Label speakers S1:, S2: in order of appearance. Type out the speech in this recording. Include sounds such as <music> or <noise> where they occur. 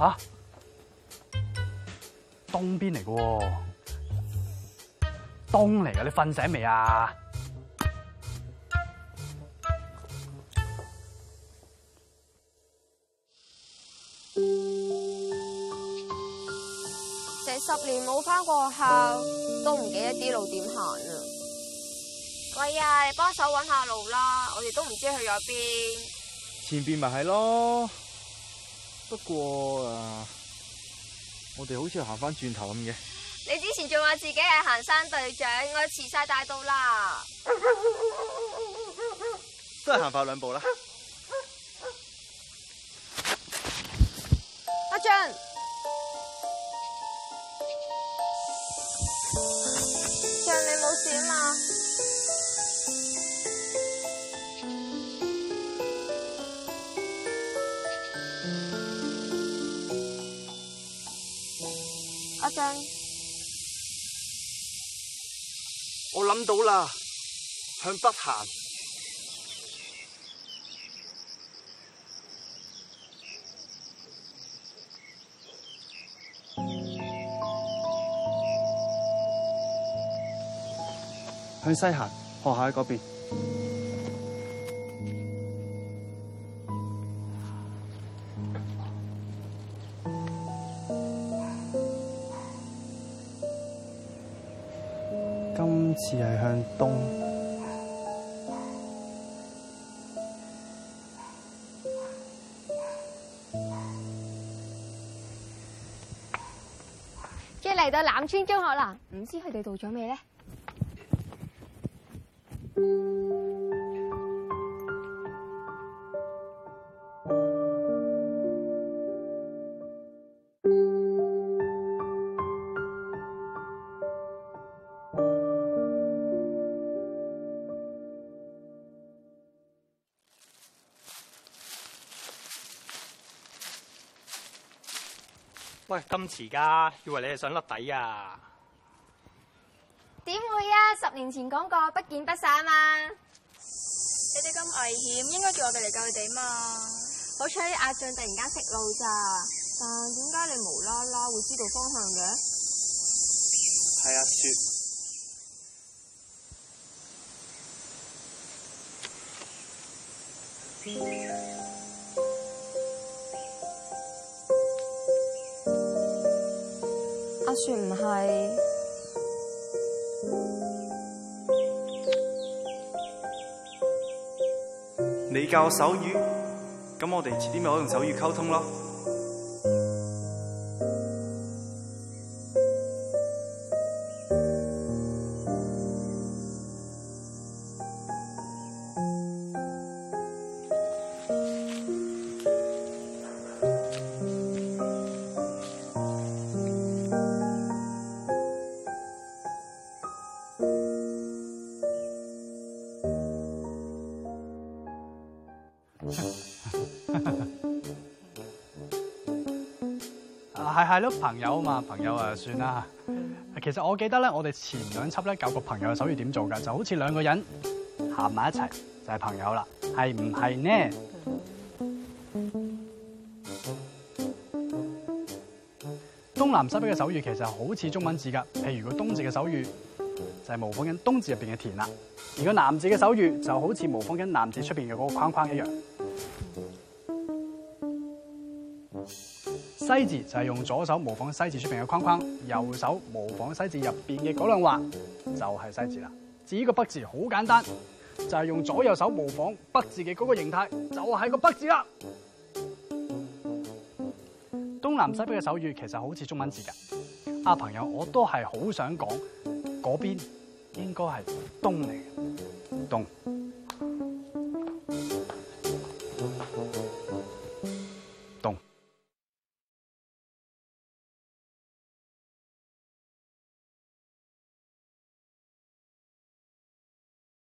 S1: 吓、啊，東邊嚟嘅，東嚟嘅，你瞓醒未啊？成十年冇翻過學校，都唔記得啲路點行啦。喂啊，你幫手搵下路啦，我哋都唔知去咗邊。前邊咪係咯。不過啊，我哋好似行翻轉頭咁嘅。你之前仲話自己係行山隊長，我遲晒大道啦。都係行快兩步啦。我諗到啦，向北行，向西行，學校喺嗰邊。今次係向東，即係嚟到南村中學啦。唔知佢哋做咗咩咧？ <music> 喂，咁遲噶，以為你係想甩底啊？點會啊！十年前講過不見不散嘛、啊。你哋咁危險，應該叫我哋嚟救你哋嘛。好彩阿俊突然間識路咋，但點解你無啦啦會知道方向嘅？係阿雪。雪，嗯嗯我算唔係。你教我手語，咁我哋遲啲咪可以用手語溝通咯。啊，係係咯，朋友啊嘛，朋友啊算啦。其實我記得咧，我哋前兩輯咧教過朋友嘅手語點做嘅，就好似兩個人行埋一齊就係朋友啦，係唔係呢？東南西北嘅手語其實好似中文字噶，譬如個東字嘅手語就係模仿緊東字入邊嘅田啦，而個南字嘅手語就好似模仿緊南字出邊嘅嗰個框框一樣。西字就係用左手模仿西字出邊嘅框框，右手模仿西字入邊嘅嗰兩畫，就係西字啦。至於個北字好簡單，就係用左右手模仿北字嘅嗰個形態，就係個北字啦。東南西北嘅手語其實好似中文字噶。啊，朋友，我都係好想講，嗰邊應該係東嚟嘅，東。